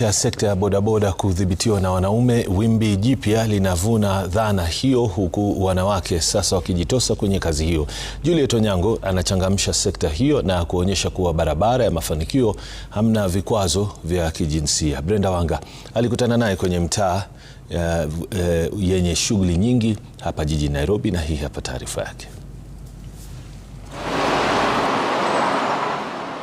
Ya sekta ya bodaboda kudhibitiwa na wanaume, wimbi jipya linavuna dhana hiyo, huku wanawake sasa wakijitosa kwenye kazi hiyo. Juliet Onyango anachangamsha sekta hiyo na kuonyesha kuwa barabara ya mafanikio hamna vikwazo vya kijinsia. Brenda Wanga alikutana naye kwenye mtaa eh, eh, yenye shughuli nyingi hapa jijini Nairobi, na hii hapa taarifa yake.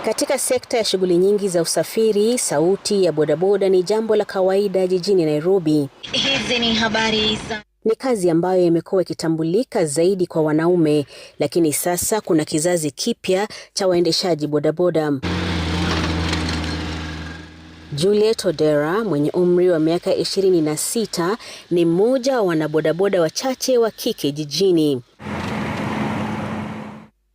Katika sekta ya shughuli nyingi za usafiri, sauti ya bodaboda ni jambo la kawaida jijini Nairobi. Hizi ni habari za ni kazi ambayo imekuwa ikitambulika zaidi kwa wanaume, lakini sasa kuna kizazi kipya cha waendeshaji bodaboda. Juliet Odera mwenye umri wa miaka 26 ni mmoja wa wanabodaboda wachache wa kike jijini.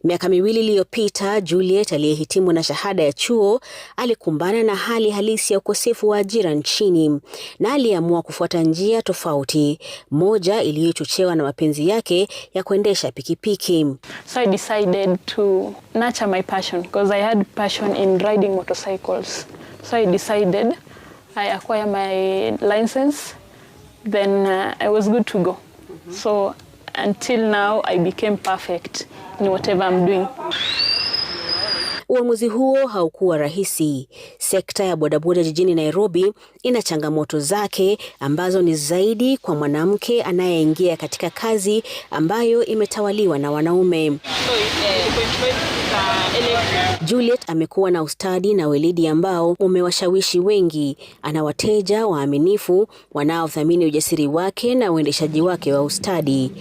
Miaka miwili iliyopita, Juliet aliyehitimu na shahada ya chuo alikumbana na hali halisi ya ukosefu wa ajira nchini na aliamua kufuata njia tofauti, moja iliyochochewa na mapenzi yake ya kuendesha pikipiki. So I decided to nurture my passion because I had passion in riding motorcycles. So I decided I acquire my license then uh, I was good to go. So until now I became perfect in whatever I'm doing. Uamuzi huo haukuwa rahisi. Sekta ya bodaboda jijini Nairobi ina changamoto zake ambazo ni zaidi kwa mwanamke anayeingia katika kazi ambayo imetawaliwa na wanaume. Eh, Juliet amekuwa na ustadi na weledi ambao umewashawishi wengi. Ana wateja waaminifu wanaothamini ujasiri wake na uendeshaji wake wa ustadi.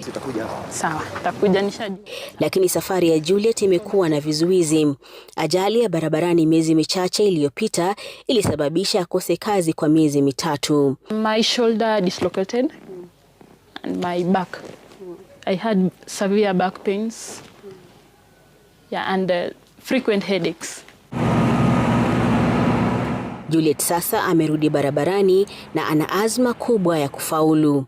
Sawa, takuja nishaji. Lakini safari ya Juliet imekuwa na vizuizi. Ajali ya barabarani miezi michache iliyopita ilisababisha akose kazi kwa miezi mitatu. My shoulder dislocated and my back. I had severe back pains yeah, and uh, frequent headaches. Juliet sasa amerudi barabarani na ana azma kubwa ya kufaulu.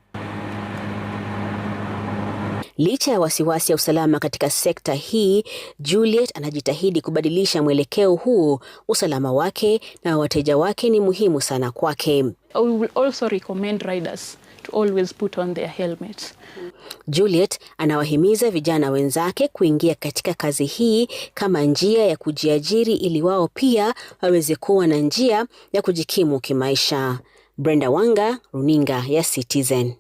Licha ya wasiwasi ya usalama katika sekta hii, Juliet anajitahidi kubadilisha mwelekeo huu. Usalama wake na wateja wake ni muhimu sana kwake. I will also recommend riders always put on their helmets. Juliet anawahimiza vijana wenzake kuingia katika kazi hii kama njia ya kujiajiri ili wao pia waweze kuwa na njia ya kujikimu kimaisha. Brenda Wanga, Runinga ya Citizen.